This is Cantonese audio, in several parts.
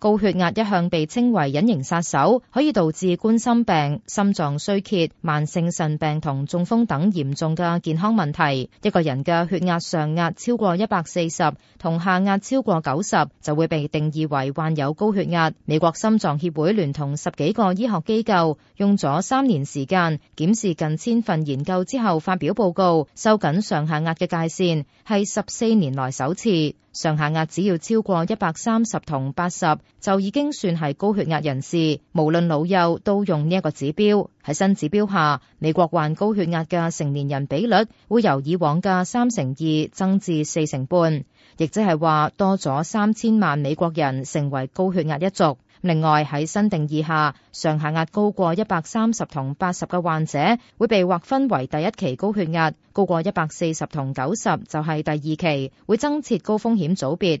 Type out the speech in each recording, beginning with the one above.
高血壓一向被稱為隱形殺手，可以導致冠心病、心臟衰竭、慢性腎病同中風等嚴重嘅健康問題。一個人嘅血壓上壓超過一百四十，同下壓超過九十，就會被定義為患有高血壓。美國心臟協會聯同十幾個醫學機構，用咗三年時間檢視近千份研究之後，發表報告，收緊上下壓嘅界線，係十四年來首次。上下壓只要超過一百三十同八十就已經算係高血壓人士，無論老幼都用呢一個指標。喺新指標下，美國患高血壓嘅成年人比率會由以往嘅三成二增至四成半，亦即係話多咗三千萬美國人成為高血壓一族。另外，喺新定義下，上下壓高過一百三十同八十嘅患者，會被劃分為第一期高血壓；高過一百四十同九十就係第二期，會增設高風險組別。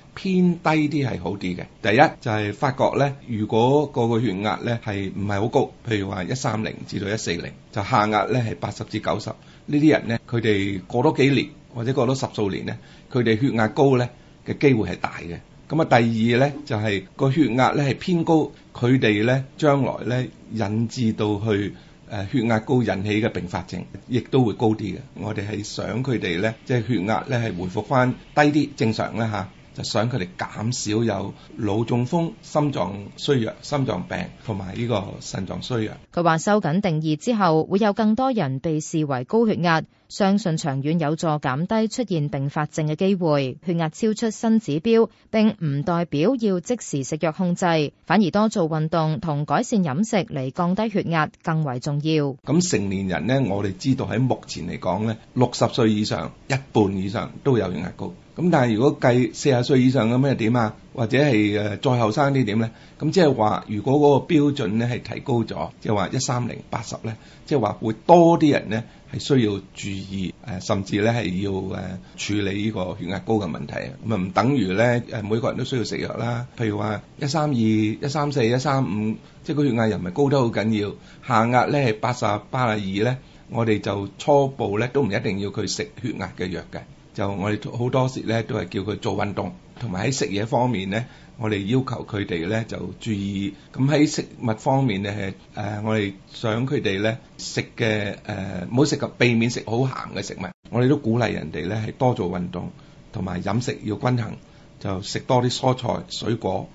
偏低啲係好啲嘅。第一就係發覺咧，如果個個血壓咧係唔係好高，譬如話一三零至到一四零，就下壓咧係八十至九十，呢啲人咧佢哋過多幾年或者過多十數年咧，佢哋血壓高咧嘅機會係大嘅。咁啊，第二咧就係個血壓咧係偏高，佢哋咧將來咧引致到去誒血壓高引起嘅併發症，亦都會高啲嘅。我哋係想佢哋咧，即係血壓咧係回復返低啲正常啦嚇。就想佢哋減少有腦中風、心臟衰弱、心臟病同埋呢個腎臟衰弱。佢話收緊定義之後，會有更多人被視為高血壓，相信長遠有助減低出現併發症嘅機會。血壓超出新指標並唔代表要即時食藥控制，反而多做運動同改善飲食嚟降低血壓，更為重要。咁成年人呢，我哋知道喺目前嚟講呢，六十歲以上一半以上都有血壓高。咁但係如果計四十歲以上咁咩點啊？或者係誒再後生啲點咧？咁即係話如果嗰個標準咧係提高咗，即係話一三零八十咧，即係話會多啲人咧係需要注意誒、啊，甚至咧係要誒、啊、處理呢個血壓高嘅問題。咁啊唔等於咧誒、啊、每個人都需要食藥啦。譬如話一三二、一三四、一三五，即係個血壓又唔係高得好緊要，下壓咧係八十、八廿二咧，我哋就初步咧都唔一定要佢食血壓嘅藥嘅。就我哋好多時咧，都係叫佢做運動，同埋喺食嘢方面咧，我哋要求佢哋咧就注意。咁喺食物方面咧，係誒、呃、我哋想佢哋咧食嘅唔好食及避免食好鹹嘅食物。我哋都鼓勵人哋咧係多做運動，同埋飲食要均衡，就食多啲蔬菜水果。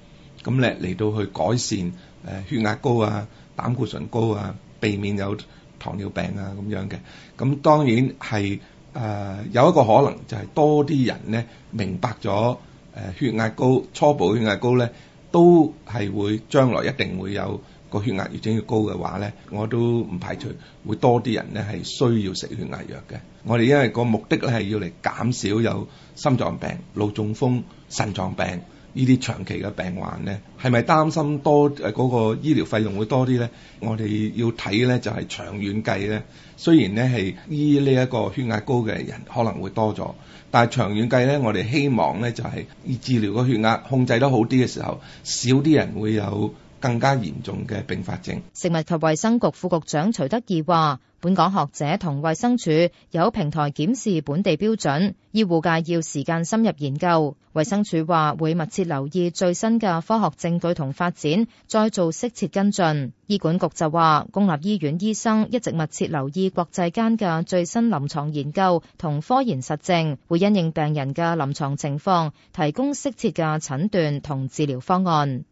咁咧嚟到去改善誒血壓高啊、膽固醇高啊，避免有糖尿病啊咁樣嘅。咁當然係。誒、uh, 有一個可能就係多啲人咧明白咗誒、呃、血壓高，初步血壓高咧，都係會將來一定會有個血壓越整越高嘅話咧，我都唔排除會多啲人咧係需要食血壓藥嘅。我哋因為個目的咧係要嚟減少有心臟病、腦中風、腎臟病。呢啲長期嘅病患咧，係咪擔心多嗰、那個醫療費用會多啲咧？我哋要睇咧就係、是、長遠計咧。雖然咧係醫呢一個血壓高嘅人可能會多咗，但係長遠計咧，我哋希望咧就係、是、治療個血壓控制得好啲嘅時候，少啲人會有更加嚴重嘅併發症。食物及衛生局副局長徐德義話，本港學者同衛生署有平台檢視本地標準，醫護界要時間深入研究。衛生署話會密切留意最新嘅科學證據同發展，再做適切跟進。醫管局就話，公立醫院醫生一直密切留意國際間嘅最新臨床研究同科研實證，會因應病人嘅臨床情況，提供適切嘅診斷同治療方案。